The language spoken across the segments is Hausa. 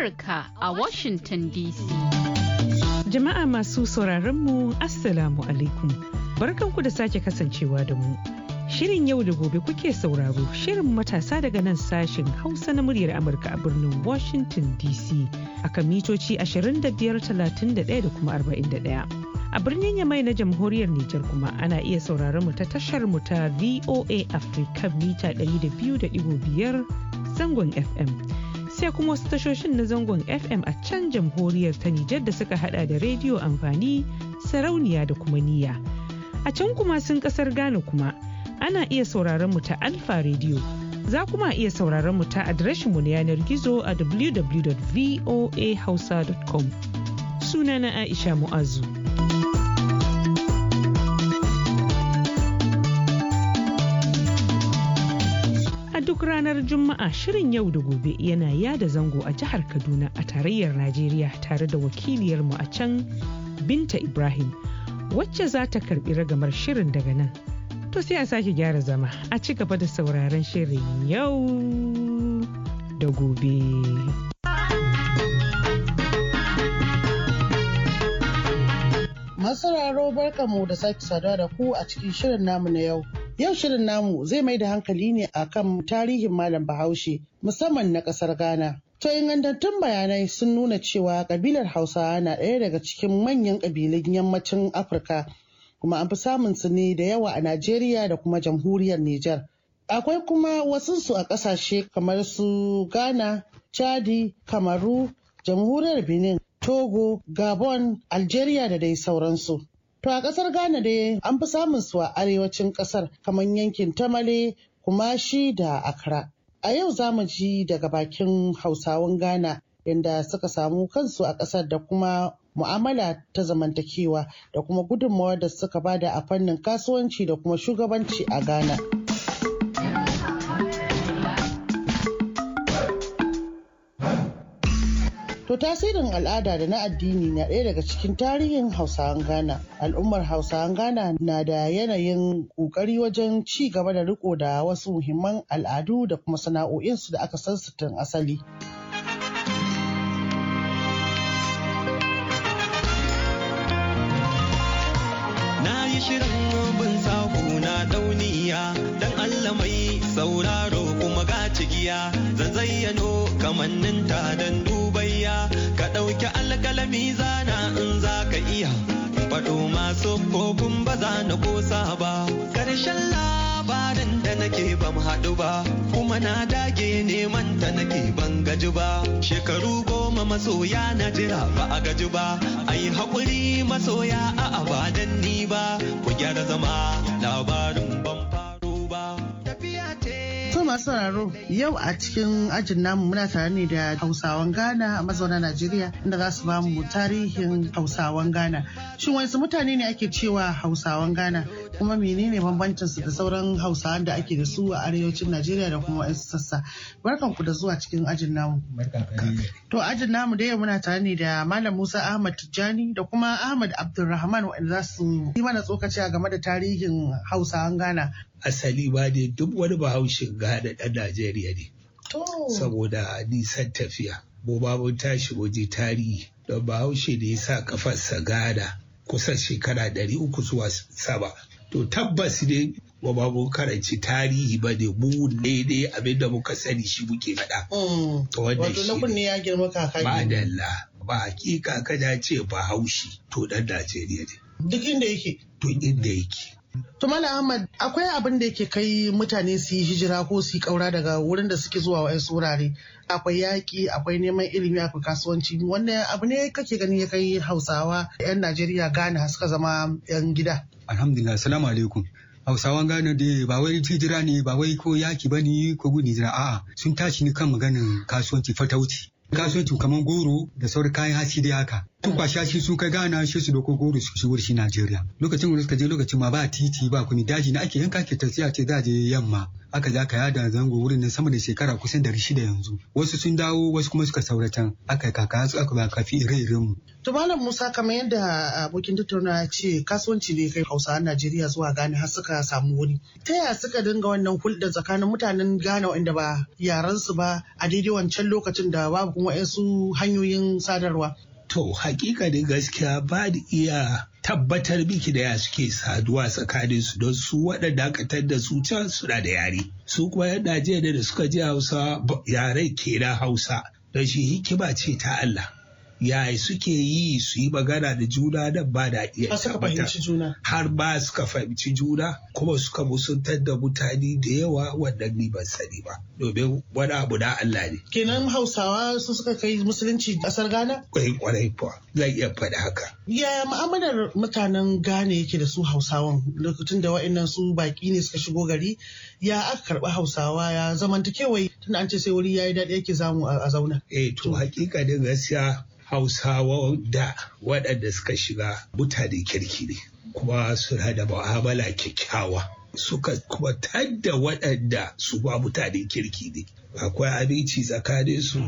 Amurka a Washington DC. Jama'a masu mu Assalamu alaikum. Barkanku da sake kasancewa da mu. Shirin yau da gobe kuke sauraro shirin matasa daga nan sashen Hausa na muryar Amurka a birnin Washington DC akan mitoci 25,31 da kuma 41. A birnin Yamai na jamhuriyar Nijar kuma ana iya sauraron mu ta tashar mu ta VOA Africa mita 200.5 zangon FM. sai kuma wasu tashoshin na zangon FM a can jamhuriyar ta Nijar da suka hada da rediyo amfani, sarauniya da kuma niyya. A can kuma sun kasar Ghana kuma ana iya sauraron mu ta Alfa Radio. Za kuma iya sauraron mu ta adireshin mu na yanar gizo a www.voahausa.com. Sunana Aisha Mu'azu. ranar Juma'a shirin yau da gobe yana yada zango a jihar Kaduna a tarayyar Najeriya tare da wakiliyar mu a can Binta Ibrahim wacce za ta karbi ragamar shirin daga nan. To sai a sake gyara zama a ci gaba da sauraron shirin yau da gobe. Masu raro da sake saduwa da ku a cikin shirin namu na yau. Yau shirin namu zai mai da hankali ne a kan tarihin Malam Bahaushe musamman na ƙasar Ghana. To ingantattun bayanai sun nuna cewa kabilar Hausawa na ɗaya daga cikin manyan ƙabilun yammacin Afirka kuma an fi samun su ne da yawa a Najeriya da kuma jamhuriyar Nijar. Akwai kuma wasu su a ƙasashe kamar su Ghana, Chadi, Kamaru, jamhuriyar Benin, Togo, Gabon, Algeria da dai sauransu. To a ƙasar Ghana dai an fi samun su a arewacin ƙasar kamar yankin Tamale, Kumashi da Accra. A yau za mu ji daga bakin Hausawan Ghana inda suka samu kansu a ƙasar da kuma mu'amala ta zamantakewa da kuma gudunmawar da suka bada a fannin kasuwanci da kuma shugabanci a Ghana. tasirin al'ada da na addini na ɗaya daga cikin tarihin Hausawan Ghana. Al'ummar Hausawan Ghana na da yanayin ƙoƙari wajen ci gaba da riko da wasu muhimman al'adu da kuma sana'o'insu da aka san su tun asali. Na yi shirin sako na mai sauraro kuma zan zayyano kamannin ta dandu. mizana in za ka iya faɗo masu kofin ba za na kosa ba ƙarshen labarin da nake ban haɗu ba kuma na dage neman ta nake ban gaji ba shekaru goma masoya na jira ba a gaji ba a yi haƙuri masoya a abadan ni ba ku gyara zama labarin masu sauraro yau a cikin ajin namu muna tare ne da Hausawan Gana a mazauna Najeriya inda za su bamu tarihin Hausawan Gana. Shin wasu mutane ne ake cewa Hausawan Gana? kuma menene bambancin su da sauran hausawan da ake da su a arewacin najeriya da kuma wasu sassa barkan ku da zuwa cikin ajin namu to ajin namu da yau muna tare ne da malam musa ahmad tijjani da kuma ahmad abdulrahman wanda za su yi mana tsokaci a game da tarihin an gana asali ba dai duk wani bahaushe ghana ɗan najeriya ne saboda nisan tafiya boba ta tashi ji tarihi don bahaushe da ya sa kafarsa ghana kusan shekara 300 zuwa saba to tabbas ne ba ba mun karanci tarihi ba ne mu ne ne abin da muka sani shi muke faɗa. Mm. To wanda shi ne. ya girma kaka Ba dalla ba hakika ka kada ce ba haushi to dan Najeriya ne. Duk inda yake. Duk inda yake. To Malam Ahmad akwai abin da yake kai mutane su yi hijira ko su yi kaura daga wurin da suke zuwa wa'ansu wurare. Akwai yaƙi, akwai neman ilimi, akwai kasuwanci. Wannan abu ne kake gani ya kai Hausawa 'yan Najeriya gane suka zama 'yan gida. alhamdulillah salamu alaikum hausawan gano da ba wai hijira ne ba wai ko yaki ba ne ko gudun hijira a'a sun tashi ni kan maganin kasuwanci fatauci kasuwanci kamar goro da sauran kayan haske da haka Tun sukai, shashi su ka Ghana shi su doko goro su shigar shi Najeriya lokacin da suka je lokacin ma ba titi ba kuma daji na ake yanka ke tafiya ce za je yamma aka ja ka yada zango wurin nan sama da shekara kusan da shida yanzu wasu sun dawo wasu kuma suka sauratan aka yi kaka su aka ba kafi ire mu. to malam musa kamar yadda abokin tattauna ce kasuwanci ne kai hausa najeriya zuwa ghana har suka samu wuri ta yaya suka dinga wannan hulɗa tsakanin mutanen ghana wanda ba yaran su ba a daidai wancan lokacin da babu kuma su hanyoyin sadarwa To, hakikanin gaskiya ba da iya tabbatar biki da ya suke saduwa tsakanin su don su waɗanda aka da su can suna da yare. Su kuma yan Najeriya da suka ji Hausa yare ke na Hausa don shi hikima ce ta Allah. ya suke yi su yi magana da juna nan ba da iya tabbata har ba suka fahimci juna kuma suka musuntar da mutane da yawa wannan ni ban sani ba domin wani abu na Allah ne kenan hausawa su suka kai musulunci kasar Ghana kai kwarai fa zan iya faɗi haka yaya mu'amalar mutanen Ghana yake da su hausawan lokacin da wa'annan su baki ne suka shigo gari ya aka karɓi hausawa ya zamantakewai Tunda an ce sai wuri yayi daɗi yake zamu a zauna eh to hakika gaskiya hausawa da waɗanda suka shiga mutane kirki ne kuma suna da mu'amala kyakkyawa suka kuma tadda waɗanda su ba mutane kirki ne akwai abinci tsakanin su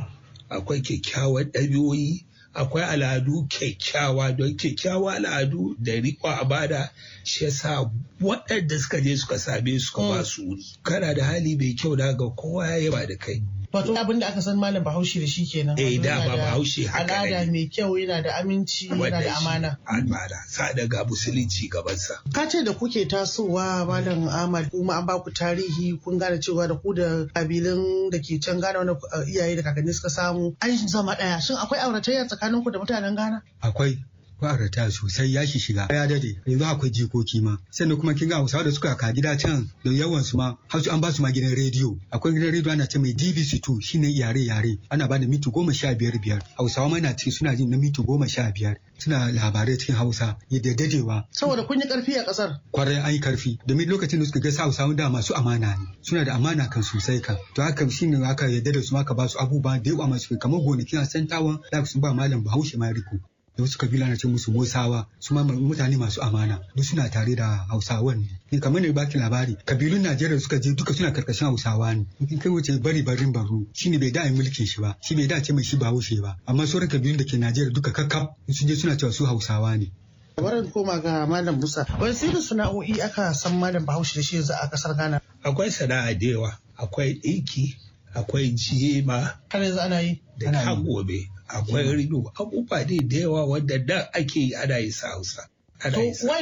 akwai kyakkyawan ɗabi'oyi akwai al'adu kyakkyawa don kyakkyawa al'adu da riƙo abada shi yasa waɗanda suka je suka same su ka su wuri kana da hali mai kyau daga kowa ya yaba da kai Wato abin da aka san malam Bahaushe da shi kenan. Eh da ba Bahaushe Al'ada mai kyau yana da aminci yana da amana. Al'ada sa daga musulunci gabansa. Ka ce da kuke tasowa malam Ahmad kuma an baku tarihi kun gane cewa da ku da kabilun da ke can Ghana wani eh, iyaye da kakanni suka samu an zama daya shin akwai auratayya tsakaninku da mutanen Ghana? Akwai. ko a ritaya sosai ya shi shiga ya dade yanzu akwai jikoki ma sannan kuma kin ga Hausawa da suka ka gida can da yawan su ma har an ba su ma gidan rediyo akwai gidan rediyo ana ce mai dvc 2 shine yare yare ana ba da miti goma sha biyar biyar Hausawa ma na ci suna jin na miti goma sha biyar suna labarai cikin Hausa da dadewa saboda kun yi karfi a kasar kwarai an yi karfi domin lokacin da suka ga Hausawa da masu amana ne suna da amana kan sosai kan to haka shine aka yadda da su ka ba su abubuwa da yawa masu kamar gonakin a Santawan da su ba malam Bahaushe ma riko da wasu kabila na ce musu Musawa su ma mutane masu amana duk suna tare da Hausawan ne in kamar ne baki labari kabilun Najeriya suka je duka suna karkashin Hausawa ne in kai wace bari barin baro ne bai da mulkin shi ba shi bai da ce mai shi ba wuce ba amma sauran kabilun da ke Najeriya duka kakkaf sun je suna cewa su Hausawa ne bari koma ga malam Musa wani sirri sana'o'i aka san malam Bahaushe da shi yanzu a kasar Ghana akwai sana'a da yawa akwai ɗinki akwai jima Kana yanzu ana yi da gobe akwai hmm. rido abubuwa ne da yawa wadda da ake yi ana yi sa hausa To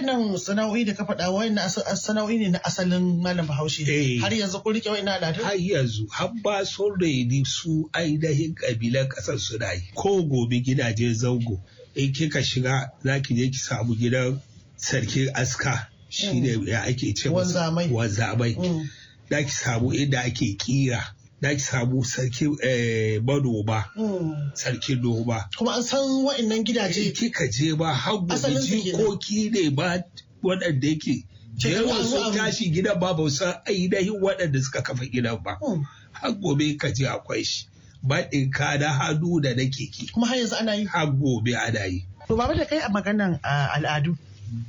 nan sana'o'i da ka faɗa na sana'o'i ne na asalin malam Bahaushe. Eh. Har yanzu ko rike na al'adu? Har yanzu har ba sun raini su ainihin ƙabilan ƙasar su na yi. Ko gobe gidaje zango in kika shiga za ki je ki samu gidan sarki aska shi ne hmm. ya ake ce wanzamai. Wanzamai. Hmm. Za ki samu inda ake kira da ki samu sarki eh, manoba hmm. sarkin noma kuma an san wa'annan gidaje Ki ka je ba har gobe jikoki ne ba waɗanda yake yawan sun tashi gidan ba ba san ainihin waɗanda suka kafa gidan ba hmm. har gobe ka je akwai shi baɗin da hadu da na keke kuma har yanzu ana yi har gobe ana yi to baba da kai a maganan ah, al'adu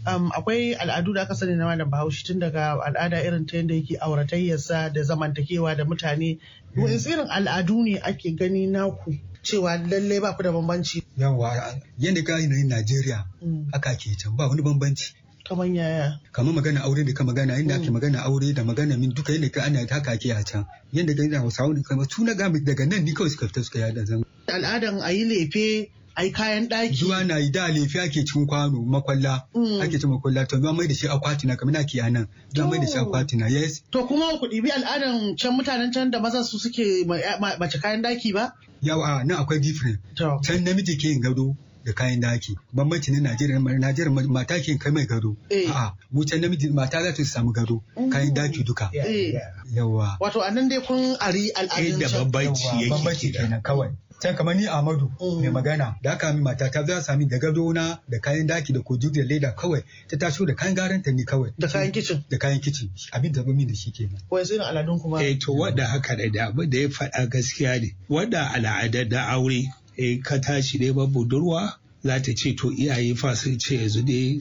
Um, akwai al'adu da aka sani na malam bahaushe tun daga al'ada irin ta yadda yake auratayyarsa da zamantakewa da mutane hmm. Wani irin al'adu ne ake gani naku cewa lallai ba ku da bambanci. Yawwa yadda ka yin Najeriya hmm. haka ke can ba wani bambanci. Kamar yaya? Kamar magana aure da ka magana inda ake hmm. magana aure da magana min duka yadda ka ana haka ke a can. Yadda ka yana Hausawa wani kamar tuna gami daga nan ni kawai suka fita suka yada zama. Al'adan a yi lefe ai kayan daki. Zuwa na yi da lefi ake cikin kwano makwalla. Mm. Ake cikin makwalla to zuwa mai da shi akwati na kamar ake yanan. Zuwa mai da shi oh. akwati na yes. To kuma ku dibi al'adan can mutanen can da maza su suke mace kayan daki ba? Yawa nan akwai different. Can namiji ke yin gado. da kayan daki bambanci na Najeriya Najeriya mata ke kai mai gado eh. a'a mu can namiji mata za ta samu gado mm. kayan daki duka eh. yawa wato anan dai kun ari al'adun eh, da bambanci yake kenan kawai can kamar ni Ahmadu mai mm. magana da aka mi mata ta za sami da gado na da kayan daki da kojugu da leda kawai ta taso da kayan garanta ne kawai da kayan kicin da kayan kicin abin da min da shi kenan wai sai al'adun kuma eh to wanda haka da da da ya faɗa gaskiya ne wanda al'ada da aure eh ka tashi ne ba budurwa za ta ce to iyaye fa sun ce yanzu dai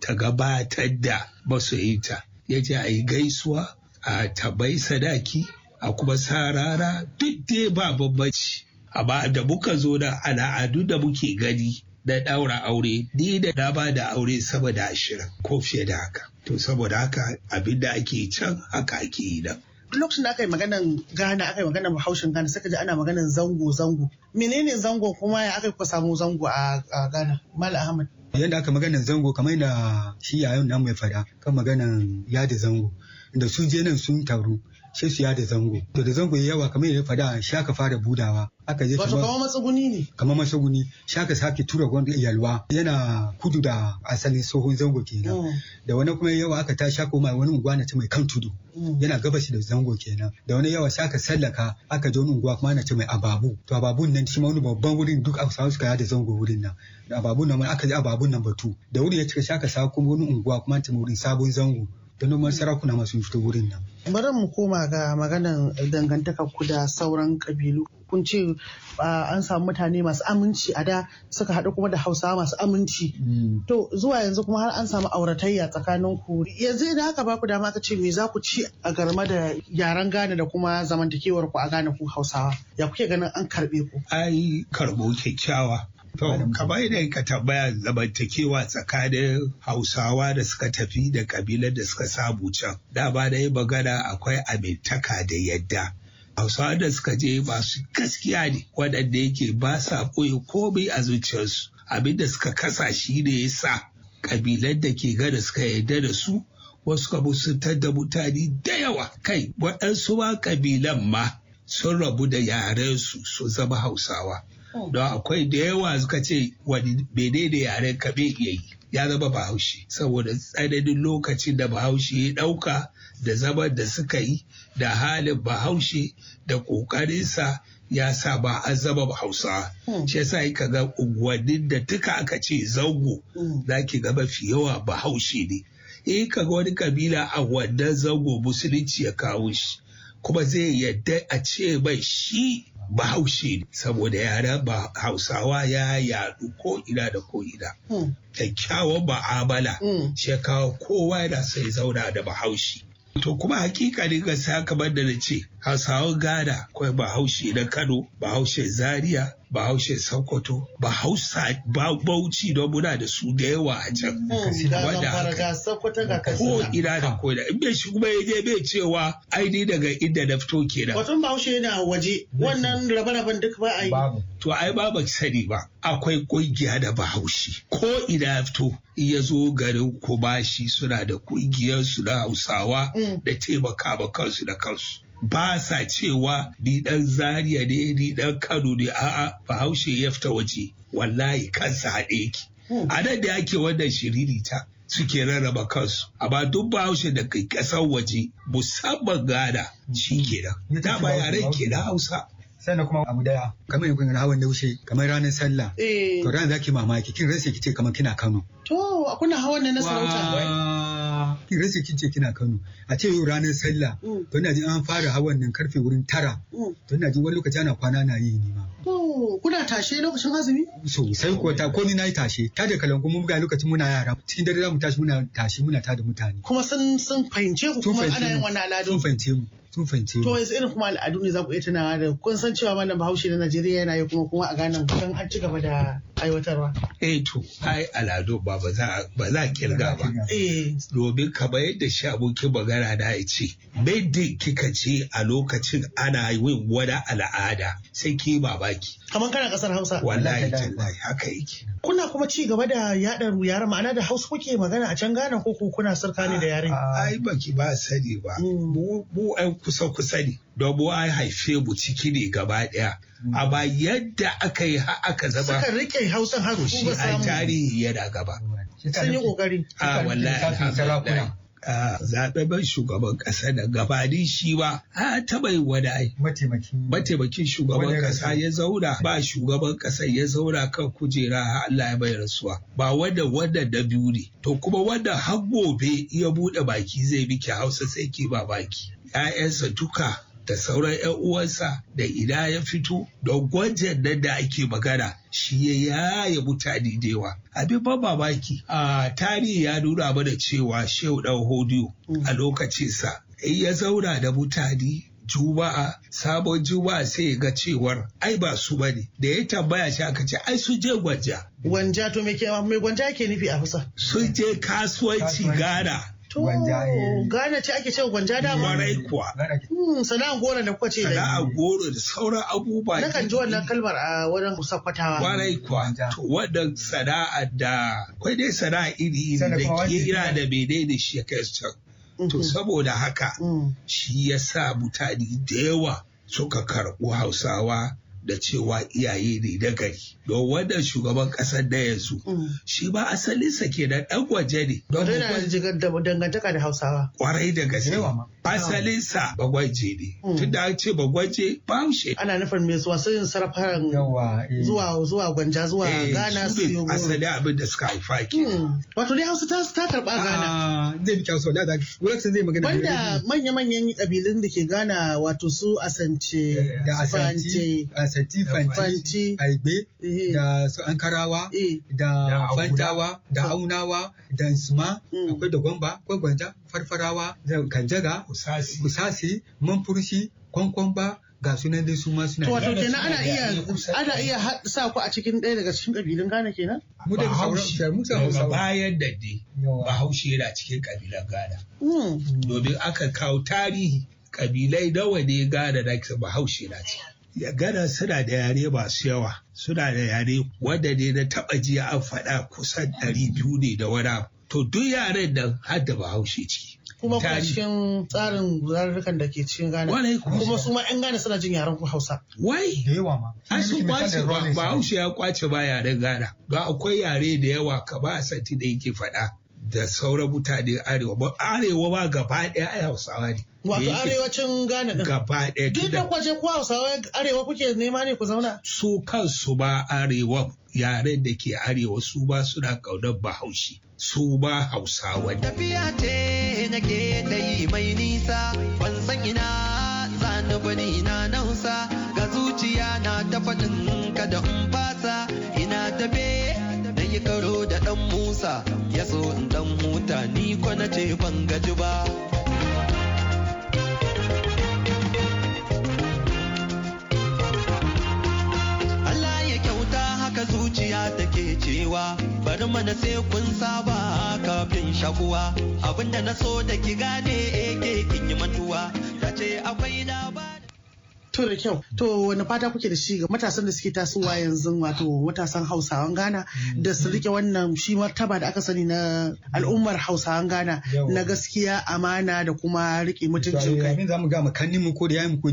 ta gabatar da masoyinta ya ce a yi gaisuwa a tabai sadaki a kuma sarara duk dai ba babbaci amma da muka zo da al'adu da muke gani da ɗaura aure ni da na ba da aure sama ashirin ko fiye da haka to saboda haka abin da ake can haka ake yi nan lokacin da aka yi maganan gana aka yi maganan Bahaushen gana sai ji ana maganan zango zango menene zango kuma ya aka samu zango a Ghana mal Ahmad yadda aka maganan zango kamar da shi yayin nan mai fada kan maganan yadi zango da su je nan sun taru sai su da zango to da zango yawa kamar yadda faɗa shaka fara budawa aka je kamar kamar matsuguni ne kamar matsuguni shaka sake tura gwanda yalwa yana kudu da asalin tsohon zango kenan oh. da wani kuma yawa aka ta shaka mai wani unguwa ta mai kan tudu oh. yana gabashi da zango kenan da wani yawa shaka sallaka aka je wani unguwa kuma na ta mai ababu to ababun nan shi ma wani babban wurin duk aka samu suka da zango wurin nan da ababun nan aka je ababun nan batu da wuri ya cika shaka sa kuma wani unguwa kuma ta wurin sabon zango da noman sarakuna masu fito wurin nan. Bari mu koma ga maganar dangantakar ku da sauran kabilu. Kun ce an samu mutane masu aminci a da suka haɗu kuma da hausawa masu aminci. Mm. To zuwa yanzu kuma har an samu auratayya tsakanin ku. Yanzu idan haka baku dama ka ce me za ku ci a garma da yaren Ghana da kuma zamantakewar ku a Ghana ku hausawa. Ya kuke ganin an karɓe ku? Ai karɓo kyakkyawa. To, kamar da ka tambaya zamantakewa tsakanin Hausawa da suka tafi da kabilar da suka samu can. Da ba da yi magana akwai amintaka da yadda. Hausawa da suka je masu gaskiya ne waɗanda yake ba sa ɓoye komai a zuciyarsu. Abin da suka kasa shi ne ya sa kabilar da ke gada suka yarda da su wasu ka sun da mutane da yawa kai waɗansu ma kabilan ma sun rabu da yarensu su zama Hausawa. don akwai da yawa suka ce wani bene da yaren ka bai iya yi ya zama bahaushe saboda tsananin lokacin da bahaushe ya ɗauka da zama da suka yi da halin bahaushe da ƙoƙarinsa ya sa ba an zama hausa hmm. shi yasa yi ga unguwannin da duka aka ce zango hmm. za ki ga mafi yawa bahaushe ne in ka ga wani kabila a wannan zango musulunci ya kawo shi kuma zai yadda a ce mai shi bahaushe saboda yara ba hausawa ya yadu ko ina da ko ina hmm. kyakkyawan ba'amala hmm. shi kawo kowa yana sai zauna da bahaushe To kuma hakika ne ga kamar da na ce Hausawan gada akwai Bahaushe na Kano, Bahaushe Zaria, bahaushe sokoto ba hausa ba bauchi don muna da su da yawa a can wanda hmm, ko ina da ko ina in shi kuma ya je bai cewa ai ni daga inda na fito kenan wato bahaushe yana waje wannan rabe-raben duk ba a yi to ai ba ba sani ba akwai kungiya da bahaushe ko ina ya fito ya zo garin shi suna da kungiyar su na hausawa hmm. da taimaka ma kansu da kansu ba sa cewa ni dan zaria ne ni dan kano ne a'a bahaushe ya fita waje wallahi kansa haɗe yake hmm. a nan da yake wannan shiririta suke rarraba kansu amma duk bahaushe da kai ƙasar waje musamman gada shi kenan ta ba yaren na hausa sannan kuma abu daya kamar yankun hawan da wuce kamar ranar sallah eh. to ranar zaki mamaki kin rasa kice kamar kina Kano to kuna hawan na sarauta rasa kin ce kina Kano a ce yau ranar sallah mm. to ina ji an fara hawan nan karfe wurin tara mm. to ina ji wani lokaci ana kwana na yi ni ma kuna tashe lokacin azumi sosai ko ta ko ni nayi tashe ta da kalangu mun ga lokacin muna yara cikin dare za mu tashi muna tashi muna tada mutane kuma sun sun fahimce ku kuma ana yin wannan al'adu sun fahimce mu Tufance. to yanzu irin kuma al'adu ne za ku iya tunawa da kun san cewa mallam bahaushe na najeriya yana yi kuma kuma a Ghana. kan an ci gaba da aiwatarwa eh to ai al'adu ba ba za a kirga ba eh. domin kamar yadda shi abokin magana da ya ce bai kika ce a lokacin ana yin wani al'ada sai ki babaki kamar kana kasar hausa wallahi tallahi haka yake kuna kuma ci gaba da yaɗa yaren ma'ana da hausa kuke magana a can gana ko kuna sarka ne da yaren ai baki ba sani ba mm. mu kusa-kusa ne domin ai haife mu ciki ne gaba A amma yadda aka yi ha aka zama suka rike hausan haro shi a tarihi yana gaba sun yi kokari a ah, wallahi ah, zaɓaɓɓen shugaban ƙasa da gabanin shi ba a ah, taɓa yin wani ai mataimakin shugaban ƙasa ya zauna ba shugaban ƙasa ya zauna kan kujera Allah ya bayar suwa ba wanda wanda da biyu ne to kuma wanda har gobe ya buɗe baki zai biki hausa sai ke ba baki 'ya'yansa duka da sauran 'yan uwansa da ina ya fito don gwajin nan da ake magana shi ya yaya mutane da yawa abin ban mamaki a tarihi ya nuna mana cewa shehu ɗan hodiyo a lokacinsa in ya zauna da mutane juma'a sabon juma'a sai ga cewar ai ba su bane da ya tambaya shi aka ce ai su je gwanja gwanja to me ke me gwanja ke nufi a Hausa sun je kasuwanci gara Gwanjaye. Gana ce ake cewa gwanja da ma. Warai kuwa. Hmm, Sana'ar goro da kuka ce da. Sana'a goro da sauran abubuwa. Na kan ji wannan kalmar a wurin sakwatawa. Warai kuwa. To wannan sana'a da akwai dai sana'a iri iri da kira da bai da shi ya kai mm-hmm. To saboda haka mm. shi ya sa mutane da yawa suka karɓu Hausawa da cewa iyaye ne na gari don wannan shugaban kasar da yanzu mm. shi ba asalinsa ke da ɗan waje ne don dangantaka da hausawa kwarai da gaske asalinsa bagwaje ne mm. tun da an ce bagwaje shi. ana nufin mai wasu sun sarrafa eh. zuwa zuwa gwanja zuwa eh, gana su asali abin da suka haifa ke mm. wato dai hausa ta karɓa gana ah, zai bi kyau sau da wulaxin zai magana banda manya-manyan ƙabilun da ke gana wato su asance eh, da asance santi fanti aigbe eh. da su ankarawa eh. da fantawa da aunawa da nsuma hmm. akwai da gwamba akwai gwanja farfarawa da ganjaga usasi manfurshi kwankwamba ga sunan dai su masu nan. wato kenan ana iya ana iya sa ku a cikin ɗaya daga cikin ƙabilun Ghana kenan mu da Hausa mu da Hausa bayan da dai Bahaushe yana cikin ƙabilan Ghana hmm. Hmm. domin aka kawo tarihi ƙabilai nawa ne Ghana da Bahaushe na ciki Gana suna da yare masu yawa, suna da yare wanda ne na taɓa jiya an faɗa kusan ɗari biyu ne da wani abu. To duk yaren nan har da Bahaushe ciki. Kuma kuma cikin tsarin yarurrukan da ke cikin gane, Kuma su ma 'yan gane suna jin yaren Hausa. Wai. Da yawa ma. An su kwace ba? Bahaushe ya kwace ba yaren Ghana. Ga akwai yare da yawa ka ba a sati da yake faɗa. da sauran mutane arewa ba arewa ba gaba ɗaya ai hausawa ne wato arewacin Ghana din gaba ɗaya duk da kwace ku hausawa arewa kuke nema ne ku zauna su kansu ba arewa yaren da ke arewa su ba suna ƙaunar bahaushe su ba hausawa ne tafiya ce nake da yi mai nisa ban san ina zanubani na nausa ga zuciya na ta kada in mana sai kun saba kafin shakuwa abinda na so da ki gane ake eh, kin yi matuwa ta ce akwai To da kyau. To wani fata kuke da shi ga matasan da suke tasowa yanzu wato matasan Hausawan Ghana da su rike wannan shi martaba da aka sani na al'ummar Hausawan Ghana na gaskiya amana da kuma rike mutuncin kai. Amin za mu ga mu ko da yayin ko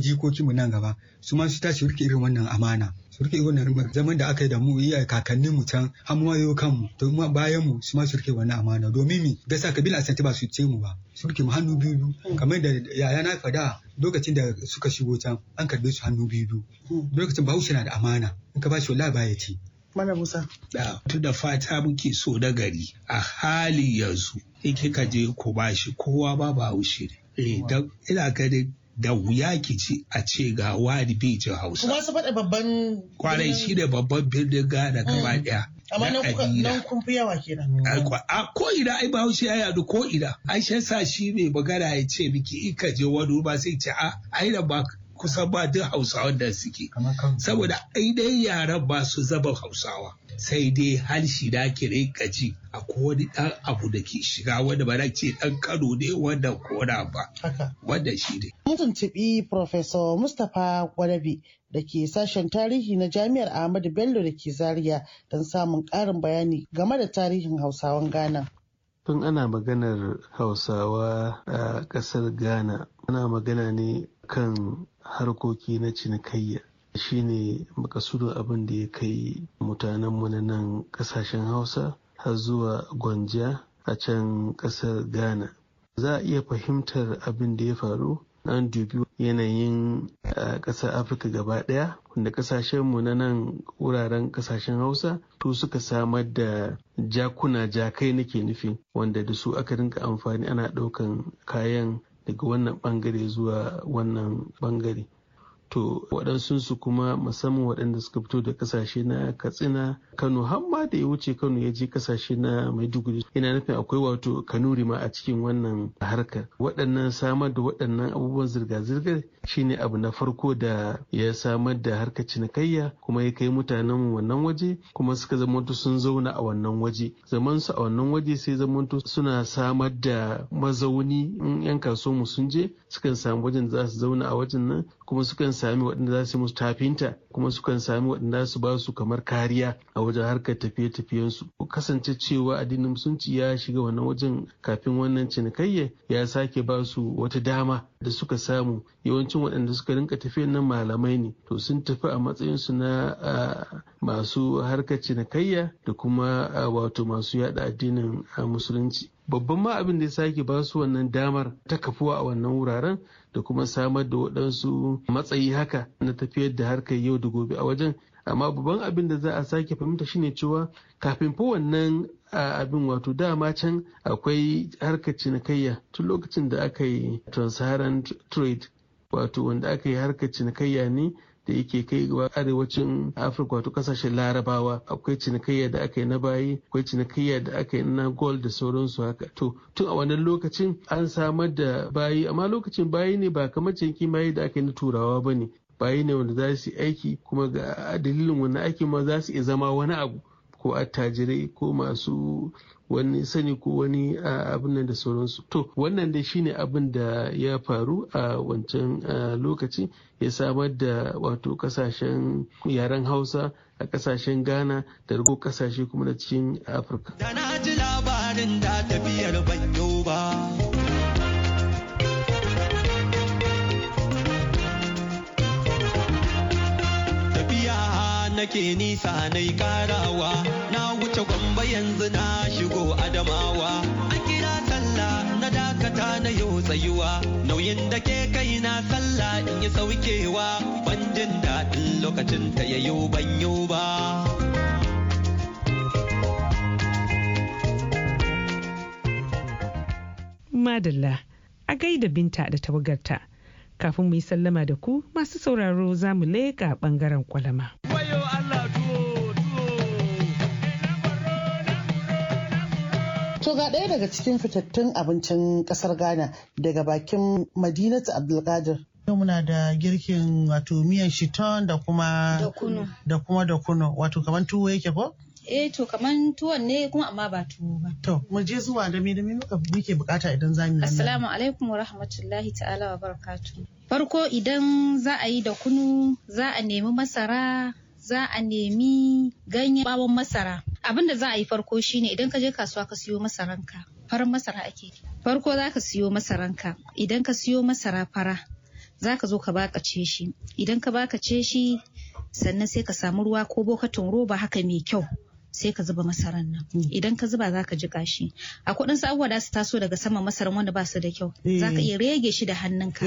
nan gaba su ma su tashi rike irin wannan amana. surke wannan zaman da aka yi da mu yi a kakannin mu can har mu wayo kanmu to bayan mu su ma surke wannan amana domin mi gasa kabila asanti ba su ce mu ba surke mu hannu biyu hmm. kamar da yaya na fada lokacin da suka shigo can an karbe su hannu biyu hmm. lokacin bahaushe na da amana in ka ba shi wallahi baya ci Mana Musa. Da da fata muke so da gari a hali yanzu in kika je ku bashi kowa ba ba haushe eh, ina ganin da wuya ki ci a ce ga wari bai hausa. Kuma su faɗa babban. Kwarai shi da babban birnin Ghana gaba ɗaya. Mm. Amma nan kun fi yawa kenan. A ko ina ai bahaushe ya yadu ko ina. Ai shi sa shi mai magana ya ce miki in ka je wani ba sai ce a ah, ai da ba kusa ba duk hausawan da suke saboda ai dai yaran ba su zaba hausawa sai dai halshi da ke rinka ji a wani ɗan abu da ke shiga wanda ba ce ɗan kano ne wanda kora ba wanda shi ne. Mun tuntuɓi Professor Mustapha Gwadabi, da ke sashen tarihi na Jami'ar Ahmadu Bello da ke Zaria don samun ƙarin bayani game da tarihin Hausawan Ghana. Tun ana maganar Hausawa a ƙasar Ghana ana magana ne kan harkoki na cinikayya shine makasudin abin da ya kai mutanenmu na nan kasashen hausa har zuwa gwanja a can kasar ghana za a iya fahimtar abin da ya faru an dubi yanayin a eh, kasar afirka gaba ɗaya wanda mu na nan wuraren ƙasashen hausa to suka samar da jakuna jakai nake nufi wanda da su aka rinka amfani ana ɗaukan kayan daga wannan bangare zuwa wannan bangare to waɗansunsu kuma musamman waɗanda suka fito da kasashe na katsina kano har da ya wuce kano ya je kasashe na maiduguri ina nufin akwai wato kanuri ma a cikin wannan harkar waɗannan samar da waɗannan abubuwan zirga-zirgar shine abu na farko da ya samar da harkar cinikayya kuma ya kai mutanen wannan waje kuma suka zama sun zauna a wannan waje zaman su a wannan waje sai zamanto suna samar da mazauni in yan kasuwanmu sun je sukan samu wajen za su zauna a wajen nan kuma sukan sami waɗanda za su musu tafinta kuma sukan sami waɗanda su ba su kamar kariya a wajen harkar tafiye-tafiyensu kasance cewa addinin musulunci ya shiga wannan wajen kafin wannan cinikayya ya sake ba su wata dama da suka samu yawancin waɗanda suka rinka tafiyan nan malamai ne to sun tafi a matsayin su na masu harkar cinikayya da kuma wato masu yada addinin musulunci babban ma abin da ya sake ba su wannan damar ta kafuwa a wannan wuraren da kuma samar da waɗansu matsayi haka na tafiyar da harkar yau da gobe a wajen amma babban abin da za a sake fahimta shine cewa kafin fa wannan abin wato dama can akwai harkar cinikayya tun lokacin da aka yi transparent trade wato wanda aka yi harkar cinikayya ne da yake kai wa arewacin afirka wato kasashen larabawa akwai cinikayya da aka yi na bayi akwai cinikayya da aka yi na gold da sauransu haka to tun a wannan lokacin an samar da bayi amma lokacin bayi ne ba kamar cinikin bayi da aka yi na turawa ba ne bayi ne wanda za su aiki kuma ga dalilin wannan aikin ma za su iya zama wani abu ko attajirai ko masu wani sani ko wani abin nan da sauransu to wannan dai shine abin da ya faru a wancan lokaci ya samar da wato kasashen yaren hausa a kasashen ghana da rigo kasashe kuma da cikin afirka da ji labarin da tafiyar ba nake nisa na karawa na wuce gwamba yanzu na adamawa a kira sallah na dakata na yau tsayuwa nauyin da ke kai na sallah in yi saukewa ban jin daɗin lokacin ta ya ban ba madalla a gaida binta da tawagarta kafin mu yi sallama da ku masu sauraro za mu leƙa ɓangaren kwalama. Allah! To ga ɗaya daga cikin fitattun abincin ƙasar Ghana daga bakin Madinatu Abdulkadir. Yau muna da girkin wato miyan shiton da kuma da kuma da kuno wato kamar tuwo yake ko? Eh to kaman tuwon ne kuma amma ba tuwo ba. To mu je zuwa da me da muke bukata idan za mu yi. Assalamu alaikum wa rahmatullahi ta'ala wa barakatuh. Farko idan za a yi da kunu za a nemi masara za a nemi ganyen bawon masara abin da za a yi farko shine idan ka je kasuwa ka siyo masaranka farin masara ake farko za ka siyo masaranka idan ka siyo masara fara za ka zo ka bakace shi idan ka bakace shi sannan sai ka samu ruwa ko bokatin roba haka mai kyau sai ka zuba masaran nan hmm. idan ka zuba zaka jika shi a kuɗin sabuwa da su taso daga saman masaran wanda ba su da kyau eh. zaka iya rege shi da hannunka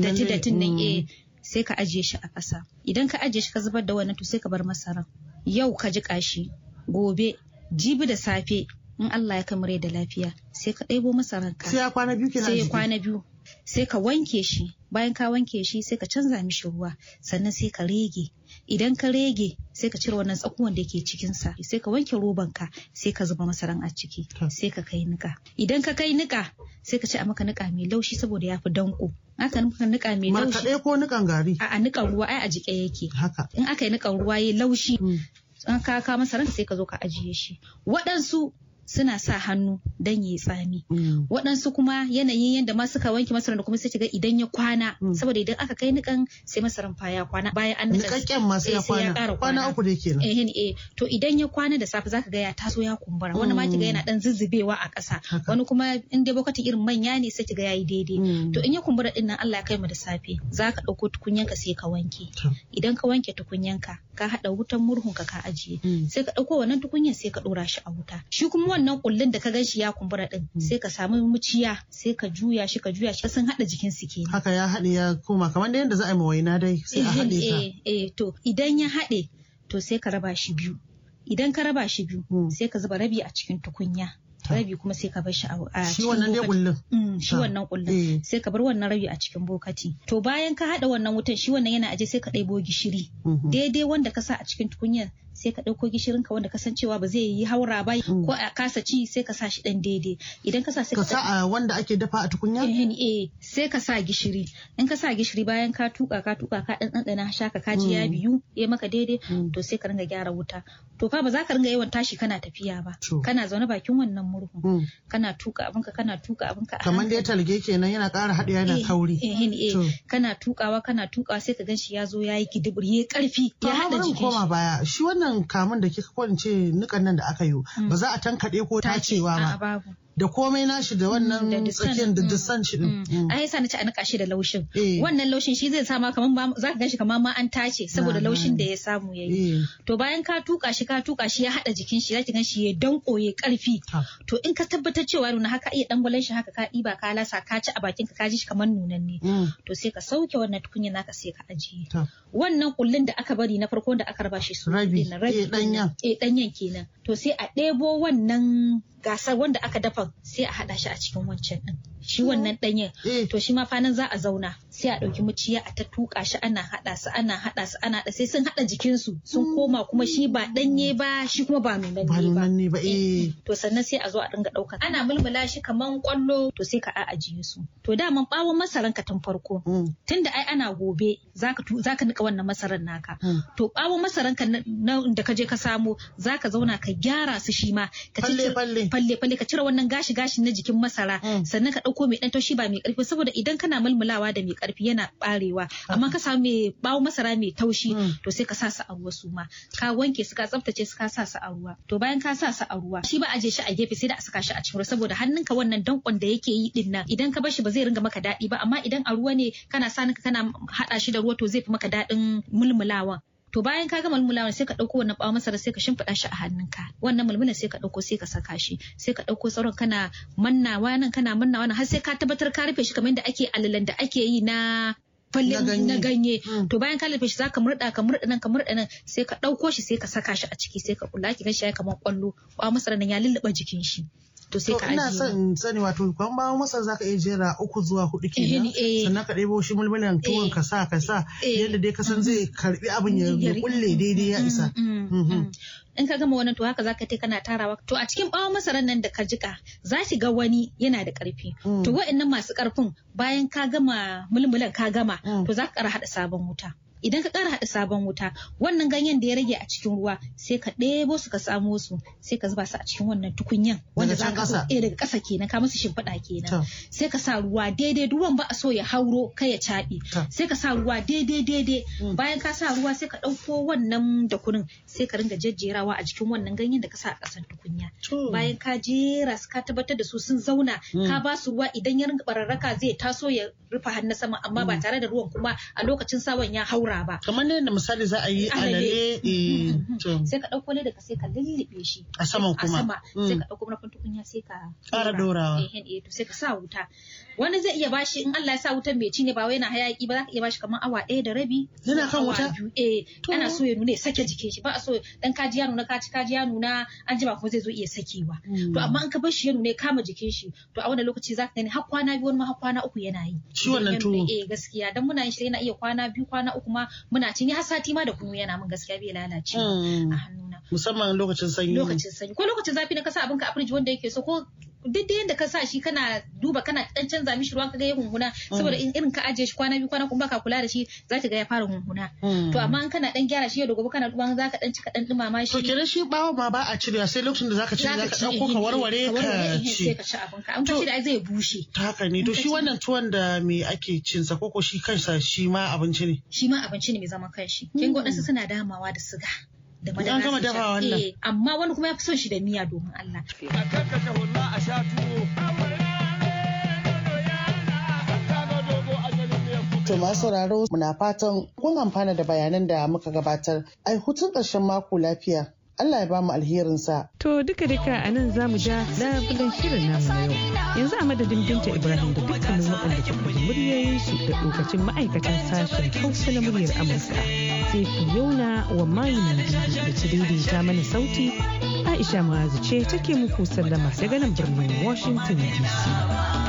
da jidatin nan hmm. eh sai ka ajiye shi a ƙasa idan ka ajiye shi ka zubar da wannan to sai ka bar masaran yau ka ji kashi gobe jibi da safe in Allah ya kamar da lafiya sai ka ɗebo masaran ka sai ya kwana biyu kenan sai ya kwana biyu sai ka wanke shi bayan ka wanke shi sai ka canza mishi ruwa sannan sai ka rege idan ka rege sai ka cire wannan tsakuwan da ke sa sai ka wanke roban ka sai ka zuba masaran a ciki sai ka kai nika idan ka kai nika sai ka ce a maka nika mai laushi saboda ya fi danko aka nuka nuka mai laushi markaɗe ko nikan gari a nikan ruwa ai a jiƙe yake haka in aka yi nikan ruwa yayi laushi hmm. an ka kama sai ka zo ka ajiye shi waɗansu suna sa hannu dan ya tsami mm. waɗansu kuma yanayin yadda ma suka wanke masara da kuma sai ga idan ya kwana mm. saboda idan aka kai nikan sai masaran fa ya kwana bayan an kyan ma sai ya eh, kwana kwana uku da eh eh to idan ya kwana da safe zaka ga ya taso ya kumbura wani ma ga yana dan mm. zuzzubewa a ƙasa wani kuma in dai bokati irin manya ne sai ga yayi daidai to in ya kumbura din nan Allah ya kai mu da safe zaka dauko tukunyanka sai ka wanke idan ka wanke tukunyanka ka hada wutan murhun ka ka ajiye sai ka dauko wannan tukunyan sai ka dora shi a wuta shi kuma wannan kullun da ka gan shi ya kumbura din hmm. sai ka samu muciya sai ka juya shi ka juya shi sun hada jikin su kenan haka ya haɗe ya koma kamar da yadda za a yi waina dai sai a haɗe ta eh, eh eh to idan ya haɗe to sai ka raba shi biyu idan ka raba shi biyu hmm. sai ka zuba rabi a cikin tukunya rabi kuma sai ka bar shi a shi wannan dai kullun mm, shi wannan kullun eh. sai ka bar wannan rabi a cikin bokati to bayan ka hada wannan wutan shi wannan yana aje sai ka ɗebo gishiri mm-hmm. daidai wanda ka sa a cikin tukunyar sai ka ɗauko gishirin ka wanda kasancewa ba zai yi haura ba hmm. ko a kasa ci sai ka sa shi ɗan daidai idan ka sa sai ka sa wanda ake dafa a tukunya eh, eh sai ka sa gishiri in ka sa gishiri bayan ka tuka ka tuka ka ɗan ɗanɗana sha ka ji ya hmm. biyu ya maka daidai hmm. to sai ka ringa gyara wuta to fa ba za ka ringa yawan tashi kana tafiya ba kana zaune bakin wannan murhun kana tuka abinka kana tuka abinka kamar dai talge kenan yana ƙara haɗiya yana eh, kauri Eh-eh, eh. kana tukawa kana tukawa sai ka gan shi ya zo ya yi kidibir ya yi ƙarfi ya haɗa jiki koma baya shi wannan wannan kamun da kika kwance nukan nan da aka yi ba za a tankaɗe ko tacewa ba da komai nashi da wannan tsakiyar mm, da dusan mm. shi din mm. sa na ci a nika shi da laushin eh. wannan laushin shi zai sa ma kaman za ka ganshi kaman ma an tace saboda laushin da ya samu ya yi. Eh. to bayan ka tuka shi ka tuka shi ya haɗa jikin shi ki gan shi ya danko ya karfi to in ka tabbatar cewa nuna haka iya dangwalen shi haka ka ɗiba ka lasa ka ci a bakin ka ka ji shi kamar nunan ne to sai ka sauke wannan tukunya naka sai ka ajiye wannan kullun da aka bari na farko da aka raba shi su rabi eh, eh ɗanyen kenan to sai a ɗebo wannan gasar wanda aka dafa sai a haɗa shi a cikin wancan ɗin shi wannan danye. Eh. to shi ma fanan za a zauna sai a ɗauki muciya a ta tuka shi ana hada su ana hada su ana da sai sun hada jikin su sun koma kuma shi ba danye ba shi kuma ba mai nanne ba eh. Eh. to sannan sai a zo a dinga dauka ana mulmula shi kaman kwallo to sai ka ajiye su to daman bawon masaran ka tun farko mm. tunda ai ana gobe zaka zaka nika wannan masaran naka mm. to bawon masaran ka da kaje ka samo zaka zauna ka gyara su shi ma ka falle falle ka cire wannan gashi gashi na jikin masara mm. sannan ka ko mai dan taushi ba mai karfi saboda idan kana mulmulawa da mai karfi yana barewa amma ka samu mai bawo masara mai taushi mm. to sai ka sa su a ruwa su ma ka wanke su ka tsaftace su ka sa su a ruwa to bayan ka sa su a ruwa shi ba a je shi a gefe sai da a saka shi a cikin ruwa saboda hannunka wannan dankon da yake yi din nan idan ka bashi ba zai ringa maka daɗi ba amma idan a ruwa ne kana sa kana haɗa shi da ruwa to zai fi maka daɗin mulmulawa to bayan ka gama mulmulawa sai ka dauko wannan bawon masara sai ka shimfiɗa shi a hannunka wannan mulmula sai ka dauko sai ka saka shi sai ka dauko tsaron kana manna wannan kana manna wannan har sai ka tabbatar ka rufe shi kamar yadda ake alalan da ake yi na falle na ganye hmm. to bayan ka rufe shi zaka murda ka murda nan ka murda nan sai ka dauko shi sai ka saka shi a ciki sai ka kula ki gashi ya kamar kwallo kwa masara nan ya lulluɓa jikin shi to sai ka ajiye ina son sani wato kwan bawo masa zaka iya jera uku zuwa hudu eh, kenan eh. sannan ka ɗebo shi mulmulan eh. tuwon ka sa ka sa yadda dai ka san mm-hmm. zai karbi abin ya kulle mm-hmm. daidai ya isa mm-hmm. in ka gama wani to haka zaka ta kana tarawa to a cikin bawon masarar nan da ka jika za shi ga wani yana da karfi mm. to wa'annan masu karfin bayan ka gama mulmulan ka gama mm. to za ka kara hada sabon wuta idan ka kara haɗa sabon wuta wannan ganyen da ya rage a cikin ruwa sai ka ɗebo su ka samo su sai ka zuba su a cikin wannan tukunyan wanda za ka eh, daga ƙasa kenan ka musu shimfiɗa kenan sai ka sa ruwa daidai ruwan ba a so ya hauro kai ya caɓe sai ka sa ruwa daidai daidai mm. bayan ka sa ruwa sai ka ɗauko wannan da sai ka ringa jejjerawa a cikin wannan ganyen da ka sa a ƙasan tukunya bayan ka jera su ka tabbatar da su sun zauna mm. ka ba su ruwa idan ya ringa bararraka zai taso ya rufe hannu sama amma ba mm. tare da ruwan kuma a lokacin sawan ya haura ɗaura ba kamar ne da misali za a yi ah, alale eh, sai ka ɗauko ne daga sai ka lullube shi a sama kuma a sama sai ka mm. ɗauko na tukunya sai ka ƙara dorawa. Eh, eh, sai ka sa wuta wani zai iya bashi in Allah ya sa wutar mai cinye ba wai yana hayaki ba za ka iya bashi kamar awa ɗaya da rabi yana kan wuta eh ana so ya nuna ya sake jikin shi ba a so dan kaji ya nuna kaji kaji ya nuna an jima kuma zai zo iya sakewa hmm. to amma in ka bar shi ya nuna ya kama jikin shi to a wannan lokaci za ka gani har kwana biyu wani ma har kwana uku yana yi shi wannan tuwo eh gaskiya dan muna yin shi yana iya kwana biyu kwana uku ma muna cin har sati ma da kunu yana min gaskiya bai lalace hmm. a hannuna musamman lokacin sanyi lokacin sanyi ko lokacin zafi na kasa abinka a firiji wanda yake so ko duk da yadda ka sa shi kana duba kana dan canza mishi ruwa kaga ya hunhuna saboda mm. in irin ka ajiye shi kwana biyu kwana kuma baka kula da shi za ta ga ya fara hunhuna mm. to amma in kana dan gyara shi yau da gobe kana za zaka dan cika dan dumama shi to kenan shi bawo ma ba a cire sai lokacin da zaka cire zaka dauko ka warware ka eh, ci ka ci abin ka an ka da zai bushe ta haka ne to shi wannan tuwon da me ake cin sa koko shi kansa shi ma abinci ne shi ma abinci ne mai zaman kanshi kin su suna damawa da siga da An dafa wannan. Eh, amma wani kuma ya fi son shi da miya domin Allah. A a sha tuwo. To masu sauraro muna fatan kun amfana da bayanan da muka gabatar. Ai hutun ƙarshen mako lafiya. Allah ya ba mu alherinsa. To duka duka a nan za mu ja labulan shirin namu na yau. Yanzu a madadin Binta Ibrahim da dukkanin waɗanda ke da muryoyin su da lokacin ma'aikatan sashen Hausa na muryar Amurka. Sai yauna wa Mayu Najeriya da ta daidaita mana sauti. Aisha Ma'azu ce take muku sallama daga nan birnin Washington DC.